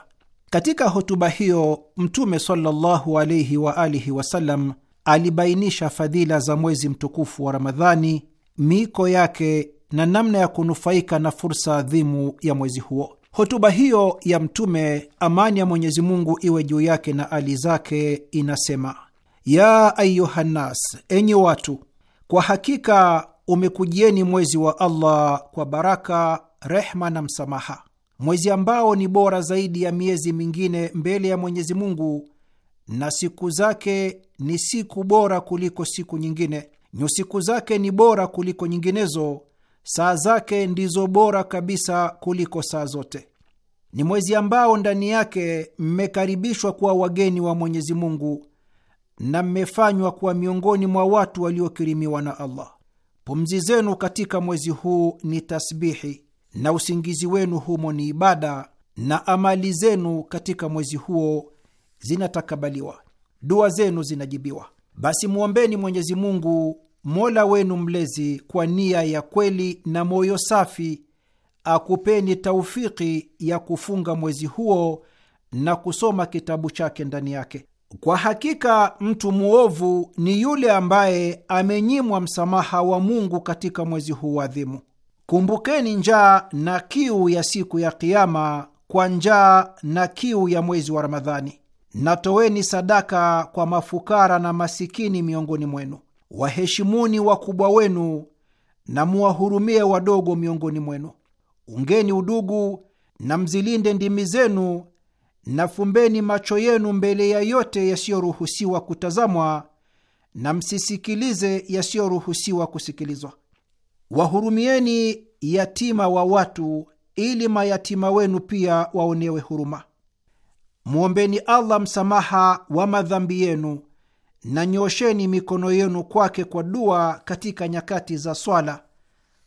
Katika hotuba hiyo Mtume sallallahu alaihi wa alihi wasallam alibainisha fadhila za mwezi mtukufu wa Ramadhani, miiko yake na namna ya kunufaika na fursa adhimu ya mwezi huo. Hotuba hiyo ya Mtume, amani ya Mwenyezi Mungu iwe juu yake na ali zake, inasema: ya ayuhannas, enyi watu, kwa hakika umekujieni mwezi wa Allah kwa baraka, rehma na msamaha mwezi ambao ni bora zaidi ya miezi mingine mbele ya Mwenyezi Mungu, na siku zake ni siku bora kuliko siku nyingine, nyusiku zake ni bora kuliko nyinginezo, saa zake ndizo bora kabisa kuliko saa zote. Ni mwezi ambao ndani yake mmekaribishwa kuwa wageni wa Mwenyezi Mungu na mmefanywa kuwa miongoni mwa watu waliokirimiwa na Allah. Pumzi zenu katika mwezi huu ni tasbihi na usingizi wenu humo ni ibada, na amali zenu katika mwezi huo zinatakabaliwa, dua zenu zinajibiwa. Basi mwombeni Mwenyezi Mungu mola wenu mlezi kwa nia ya kweli na moyo safi, akupeni taufiki ya kufunga mwezi huo na kusoma kitabu chake ndani yake. Kwa hakika mtu mwovu ni yule ambaye amenyimwa msamaha wa Mungu katika mwezi huu adhimu. Kumbukeni njaa na kiu ya siku ya Kiama kwa njaa na kiu ya mwezi wa Ramadhani, na toweni sadaka kwa mafukara na masikini miongoni mwenu. Waheshimuni wakubwa wenu na muwahurumie wadogo miongoni mwenu. Ungeni udugu na mzilinde ndimi zenu, na fumbeni macho yenu mbele ya yote yasiyoruhusiwa kutazamwa, na msisikilize yasiyoruhusiwa kusikilizwa wahurumieni yatima wa watu ili mayatima wenu pia waonewe huruma. Mwombeni Allah msamaha wa madhambi yenu na nyosheni mikono yenu kwake kwa dua katika nyakati za swala,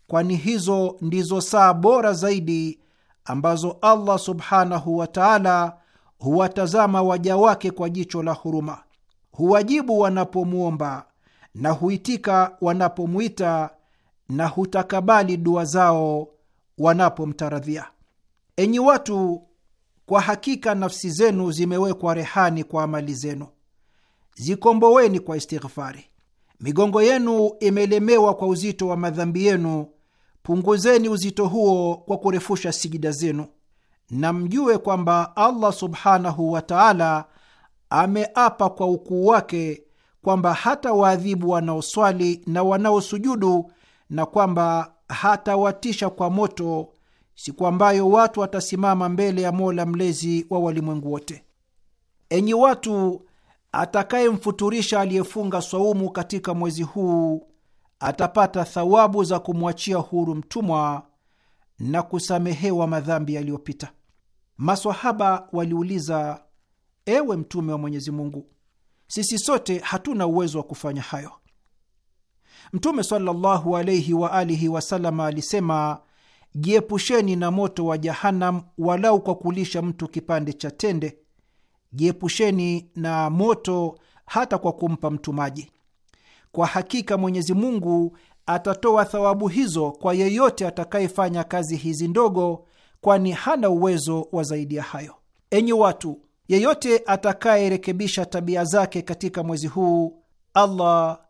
kwani hizo ndizo saa bora zaidi ambazo Allah subhanahu wa taala huwatazama waja wake kwa jicho la huruma, huwajibu wanapomwomba na huitika wanapomwita na hutakabali dua zao wanapomtaradhia. Enyi watu, kwa hakika nafsi zenu zimewekwa rehani kwa amali zenu, zikomboweni kwa istighfari. Migongo yenu imelemewa kwa uzito wa madhambi yenu, punguzeni uzito huo kwa kurefusha sijida zenu, na mjue kwamba Allah subhanahu wa taala ameapa kwa ukuu wake kwamba hata waadhibu wanaoswali na wanaosujudu na kwamba hatawatisha kwa moto siku ambayo watu watasimama mbele ya Mola mlezi wa walimwengu wote. Enyi watu, atakayemfuturisha aliyefunga swaumu katika mwezi huu atapata thawabu za kumwachia huru mtumwa na kusamehewa madhambi yaliyopita. Maswahaba waliuliza, ewe Mtume wa Mwenyezi Mungu, sisi sote hatuna uwezo wa kufanya hayo Mtume sallallahu alaihi wa alihi alisema, jiepusheni na moto wa Jahanam walau kwa kulisha mtu kipande cha tende. Jiepusheni na moto hata kwa kumpa mtu maji. Kwa hakika Mwenyezi Mungu atatoa thawabu hizo kwa yeyote atakayefanya kazi hizi ndogo, kwani hana uwezo wa zaidi ya hayo. Enyi watu, yeyote atakayerekebisha tabia zake katika mwezi huu, Allah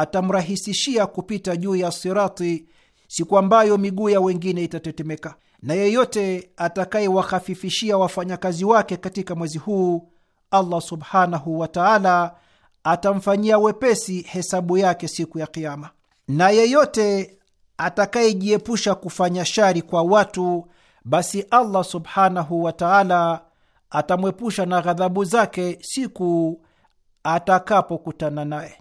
atamrahisishia kupita juu ya sirati siku ambayo miguu ya wengine itatetemeka. Na yeyote atakayewahafifishia wafanyakazi wake katika mwezi huu, Allah subhanahu wa taala atamfanyia wepesi hesabu yake siku ya Kiama. Na yeyote atakayejiepusha kufanya shari kwa watu, basi Allah subhanahu wa taala atamwepusha na ghadhabu zake siku atakapokutana naye.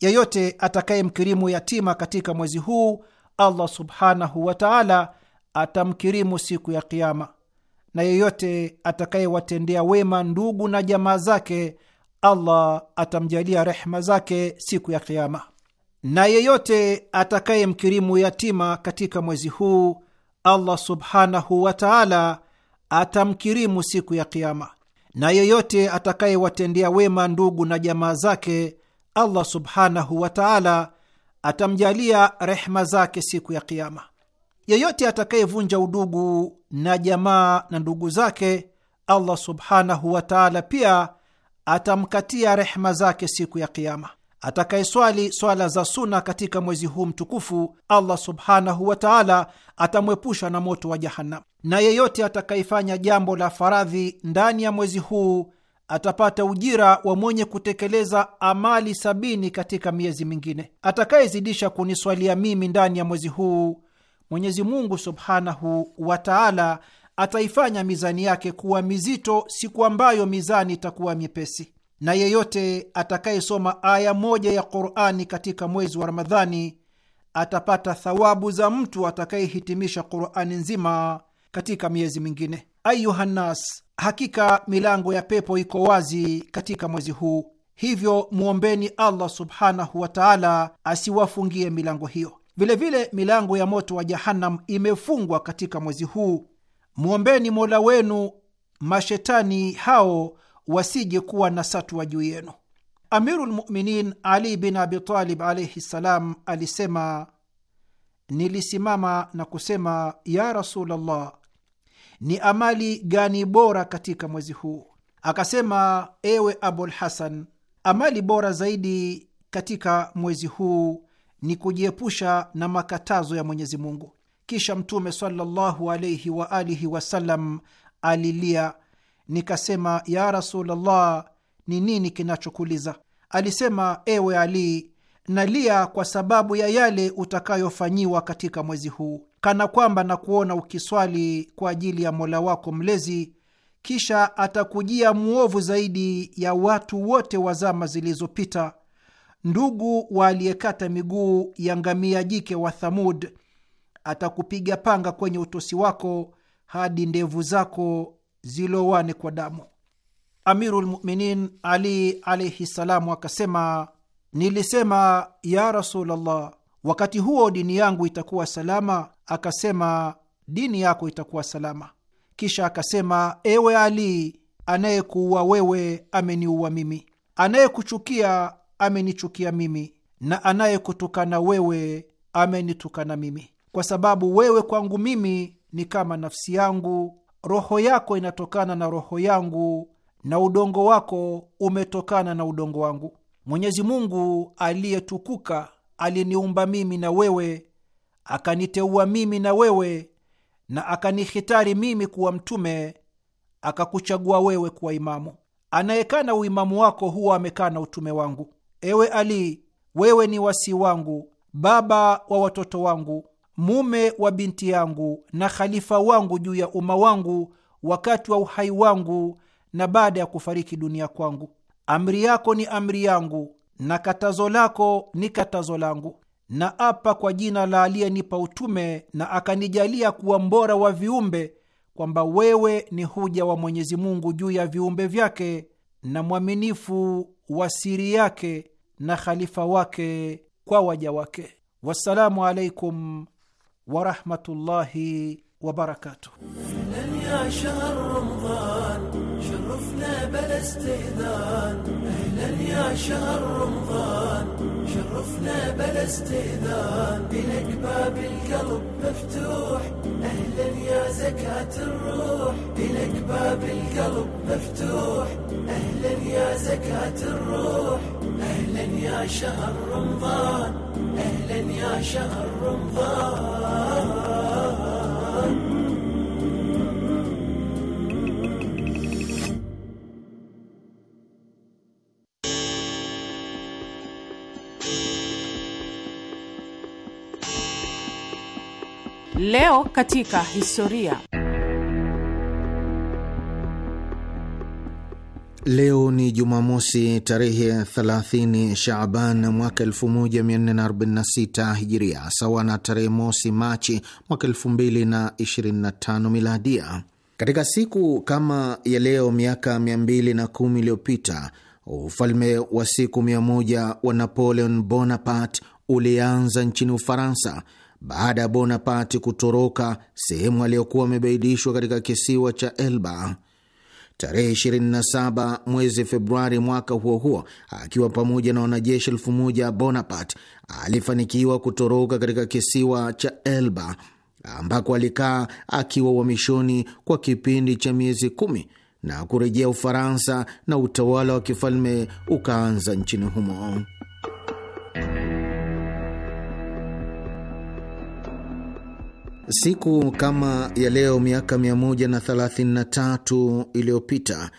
Yeyote atakayemkirimu yatima katika mwezi huu Allah subhanahu wa taala atamkirimu siku ya Kiama, na yeyote atakayewatendea wema ndugu na jamaa zake Allah atamjalia rehma zake siku ya Kiama, na yeyote atakayemkirimu yatima katika mwezi huu Allah subhanahu wa taala atamkirimu siku ya Kiama, na yeyote atakayewatendea wema ndugu na jamaa zake Allah subhanahu wa taala atamjalia rehma zake siku ya Kiama. Yeyote atakayevunja udugu na jamaa na ndugu zake, Allah subhanahu wa taala pia atamkatia rehma zake siku ya Kiama. Atakayeswali swala za suna katika mwezi huu mtukufu, Allah subhanahu wa taala atamwepusha na moto wa Jahannam, na yeyote atakayefanya jambo la faradhi ndani ya mwezi huu atapata ujira wa mwenye kutekeleza amali sabini katika miezi mingine. Atakayezidisha kuniswalia mimi ndani ya mwezi huu, Mwenyezi Mungu subhanahu wa taala ataifanya mizani yake kuwa mizito siku ambayo mizani itakuwa myepesi. Na yeyote atakayesoma aya moja ya Qurani katika mwezi wa Ramadhani atapata thawabu za mtu atakayehitimisha Qurani nzima katika miezi mingine. Ayuhannas, Hakika milango ya pepo iko wazi katika mwezi huu, hivyo mwombeni Allah subhanahu wa taala asiwafungie milango hiyo. Vilevile vile milango ya moto wa Jahannam imefungwa katika mwezi huu. Mwombeni mola wenu mashetani hao wasije kuwa na satwa juu yenu. Amirulmuminin Ali bin Abitalib alaihi ssalam alisema, nilisimama na kusema ya Rasulullah, ni amali gani bora katika mwezi huu? Akasema, ewe Abul Hasan, amali bora zaidi katika mwezi huu ni kujiepusha na makatazo ya Mwenyezi Mungu. Kisha Mtume sallallahu alaihi wa alihi wasallam alilia, nikasema ya Rasulullah, ni nini kinachokuliza? Alisema, ewe Ali, nalia kwa sababu ya yale utakayofanyiwa katika mwezi huu, kana kwamba na kuona ukiswali kwa ajili ya Mola wako Mlezi, kisha atakujia mwovu zaidi ya watu wote wa zama zilizopita, ndugu wa aliyekata miguu ya ngamia jike wa Thamud. Atakupiga panga kwenye utosi wako hadi ndevu zako zilowane kwa damu. Amirulmuminin Ali alaihi salamu akasema Nilisema, ya rasulllah wakati huo dini yangu itakuwa salama. Akasema, dini yako itakuwa salama. Kisha akasema, ewe Ali, anayekuua wewe ameniua mimi, anayekuchukia amenichukia mimi, na anayekutukana wewe amenitukana mimi, kwa sababu wewe kwangu mimi ni kama nafsi yangu, roho yako inatokana na roho yangu, na udongo wako umetokana na udongo wangu. Mwenyezi Mungu aliyetukuka aliniumba mimi na wewe, akaniteua mimi na wewe, na akanihitari mimi kuwa mtume, akakuchagua wewe kuwa imamu. Anayekana uimamu wako huwa amekana utume wangu. Ewe Ali, wewe ni wasii wangu, baba wa watoto wangu, mume wa binti yangu, na khalifa wangu juu ya umma wangu wakati wa uhai wangu na baada ya kufariki dunia kwangu. Amri yako ni amri yangu na katazo lako ni katazo langu. Na apa kwa jina la aliyenipa utume na akanijalia kuwa mbora wa viumbe, kwamba wewe ni huja wa Mwenyezi Mungu juu ya viumbe vyake na mwaminifu wa siri yake na khalifa wake kwa waja wake. Wassalamu alaikum warahmatullahi wabarakatuh. وعدنا بلا استئذان اهلا يا شهر رمضان شرفنا بلا استئذان بلك باب القلب مفتوح اهلا يا زكاة الروح بلك باب القلب مفتوح اهلا يا زكاة الروح اهلا يا شهر رمضان اهلا يا شهر رمضان Leo katika historia. Leo ni Jumamosi tarehe 30 shaban mwaka 1446 Hijiria, sawa na tarehe mosi Machi mwaka 2025 Miladia. Katika siku kama ya leo miaka 210 iliyopita ufalme wa siku 100 wa Napoleon Bonaparte ulianza nchini Ufaransa baada ya Bonapati kutoroka sehemu aliyokuwa amebaidishwa katika kisiwa cha Elba. Tarehe 27 mwezi Februari mwaka huo huo, akiwa pamoja na wanajeshi elfu moja, Bonaparte alifanikiwa kutoroka katika kisiwa cha Elba ambako alikaa akiwa uhamishoni kwa kipindi cha miezi kumi na kurejea Ufaransa na utawala wa kifalme ukaanza nchini humo. Siku kama ya leo miaka 133 iliyopita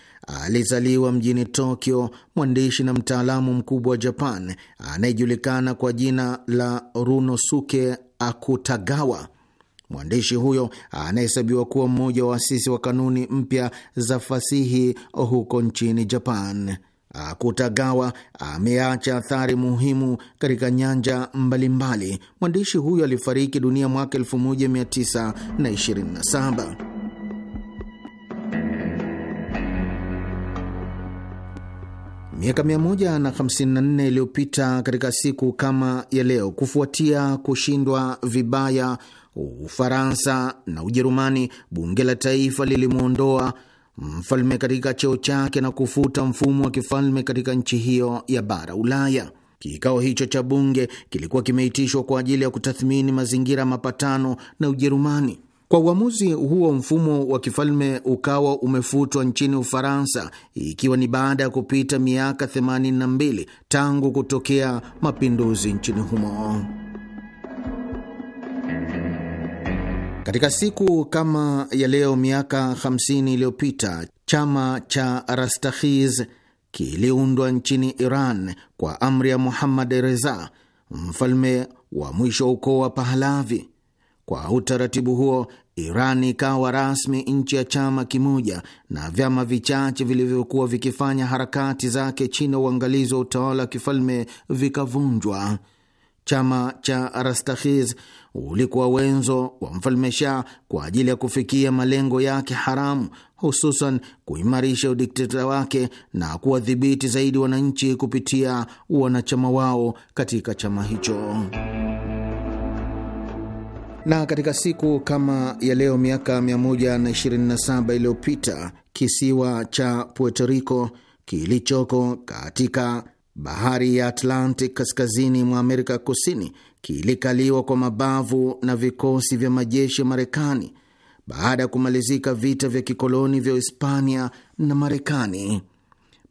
alizaliwa mjini Tokyo mwandishi na mtaalamu mkubwa wa Japan anayejulikana kwa jina la Runosuke Akutagawa. Mwandishi huyo anahesabiwa kuwa mmoja wa waasisi wa kanuni mpya za fasihi huko nchini Japan akutagawa ameacha athari muhimu katika nyanja mbalimbali. Mwandishi huyo alifariki dunia mwaka 1927. Miaka 154 iliyopita katika siku kama ya leo, kufuatia kushindwa vibaya Ufaransa na Ujerumani, bunge la taifa lilimwondoa mfalme katika cheo chake na kufuta mfumo wa kifalme katika nchi hiyo ya bara Ulaya. Kikao hicho cha bunge kilikuwa kimeitishwa kwa ajili ya kutathmini mazingira ya mapatano na Ujerumani. Kwa uamuzi huo, mfumo wa kifalme ukawa umefutwa nchini Ufaransa, ikiwa ni baada ya kupita miaka 82 tangu kutokea mapinduzi nchini humo. Katika siku kama ya leo miaka 50 iliyopita chama cha Rastakhiz kiliundwa nchini Iran kwa amri ya Muhammad Reza, mfalme wa mwisho uko ukoo wa Pahalavi. Kwa utaratibu huo, Iran ikawa rasmi nchi ya chama kimoja na vyama vichache vilivyokuwa vikifanya harakati zake chini ya uangalizi wa utawala wa kifalme vikavunjwa. Chama cha Rastakhiz ulikuwa wenzo wa mfalme Shah kwa ajili ya kufikia malengo yake haramu, hususan kuimarisha udikteta wake na kuwadhibiti zaidi wananchi kupitia wanachama wao katika chama hicho na katika siku kama ya leo miaka 127 iliyopita kisiwa cha Puerto Rico kilichoko katika bahari ya Atlantic kaskazini mwa Amerika Kusini kilikaliwa kwa mabavu na vikosi vya majeshi ya Marekani baada ya kumalizika vita vya kikoloni vya Hispania na Marekani.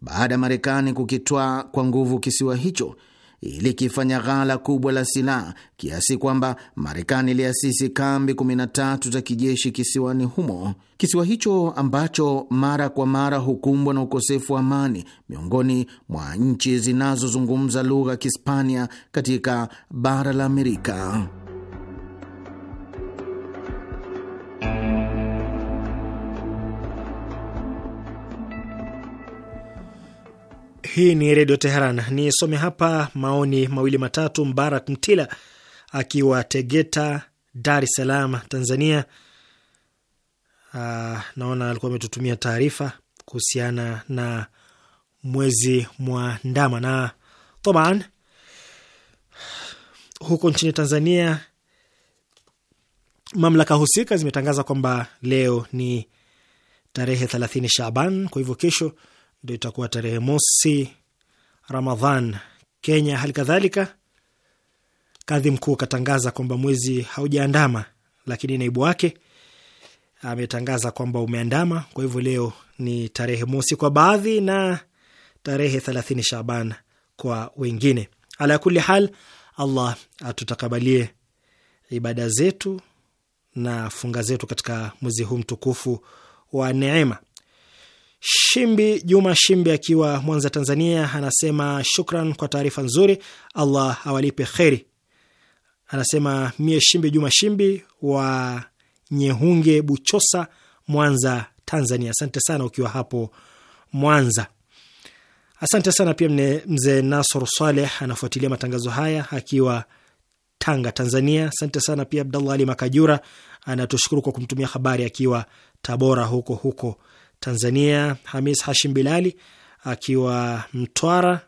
Baada ya Marekani kukitwaa kwa nguvu kisiwa hicho, ilikifanya ghala kubwa la silaha kiasi kwamba Marekani iliasisi kambi 13 za kijeshi kisiwani humo. Kisiwa hicho ambacho mara kwa mara hukumbwa na ukosefu wa amani miongoni mwa nchi zinazozungumza lugha ya Kihispania katika bara la Amerika. Hii ni Redio Teheran. Nisome hapa maoni mawili matatu. Mbarak Mtila akiwa Tegeta, Dar es Salaam, Tanzania. Aa, ah, naona alikuwa ametutumia taarifa kuhusiana na mwezi mwa ndama na taban huko nchini Tanzania, mamlaka husika zimetangaza kwamba leo ni tarehe thelathini Shaban, kwa hivyo kesho ndio itakuwa tarehe mosi Ramadhan Kenya. Hali kadhalika kadhi mkuu katangaza kwamba mwezi haujaandama, lakini naibu wake ametangaza kwamba umeandama. Kwa hivyo leo ni tarehe mosi kwa baadhi na tarehe thelathini Shaban kwa wengine. Ala kuli hal, Allah atutakabalie ibada zetu na funga zetu katika mwezi huu mtukufu wa neema. Shimbi Juma Shimbi akiwa Mwanza, Tanzania, anasema shukran kwa taarifa nzuri, Allah awalipe kheri. Anasema mie Shimbi Juma Shimbi wa Nyehunge, Buchosa, Mwanza, Tanzania. Asante sana ukiwa hapo Mwanza. Asante sana pia mzee Nasor Saleh anafuatilia matangazo haya akiwa Tanga, Tanzania. Asante sana pia Abdallah Ali Makajura anatushukuru kwa kumtumia habari akiwa Tabora huko huko Tanzania, Hamis Hashim Bilali akiwa Mtwara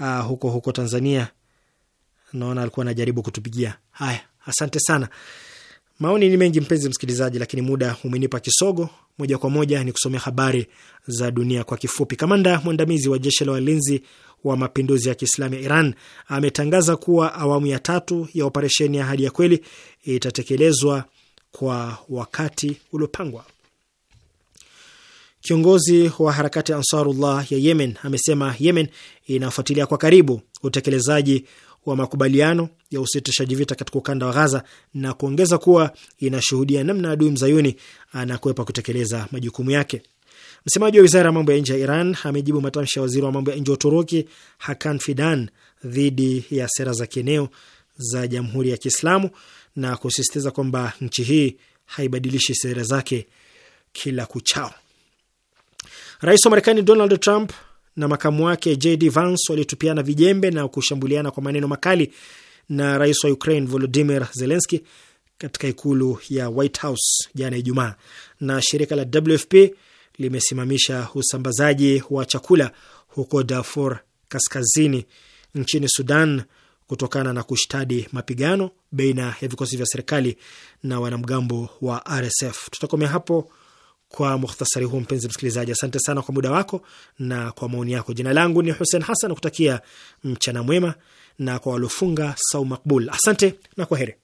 uh, huko huko Tanzania, naona alikuwa anajaribu kutupigia. Haya, asante sana. Maoni ni mengi mpenzi msikilizaji, lakini muda umenipa kisogo. Moja kwa moja ni kusomea habari za dunia kwa kifupi. Kamanda mwandamizi wa jeshi la walinzi wa mapinduzi ya Kiislamu ya Iran ametangaza kuwa awamu ya tatu ya operesheni ya Ahadi ya Kweli itatekelezwa kwa wakati uliopangwa. Kiongozi wa harakati ya Ansarullah ya Yemen amesema Yemen inafuatilia kwa karibu utekelezaji wa makubaliano ya usitishaji vita katika ukanda wa Ghaza na kuongeza kuwa inashuhudia namna adui mzayuni anakwepa kutekeleza majukumu yake. Msemaji wa wizara ya mambo ya nje ya Iran amejibu matamshi ya waziri wa mambo ya nje wa Uturuki Hakan Fidan dhidi ya sera za kieneo za Jamhuri ya Kiislamu na kusisitiza kwamba nchi hii haibadilishi sera zake kila kuchao. Rais wa Marekani Donald Trump na makamu wake JD Vance walitupiana vijembe na kushambuliana kwa maneno makali na rais wa Ukraine Volodimir Zelenski katika ikulu ya White House jana Ijumaa. Na shirika la WFP limesimamisha usambazaji wa chakula huko Darfur Kaskazini nchini Sudan kutokana na kushtadi mapigano baina ya vikosi vya serikali na wanamgambo wa RSF. Tutakomea hapo kwa mukhtasari huu. Mpenzi msikilizaji, asante sana kwa muda wako na kwa maoni yako. Jina langu ni Hussein Hassan, kutakia mchana mwema, na kwa waliofunga sau makbul, asante na kwa heri.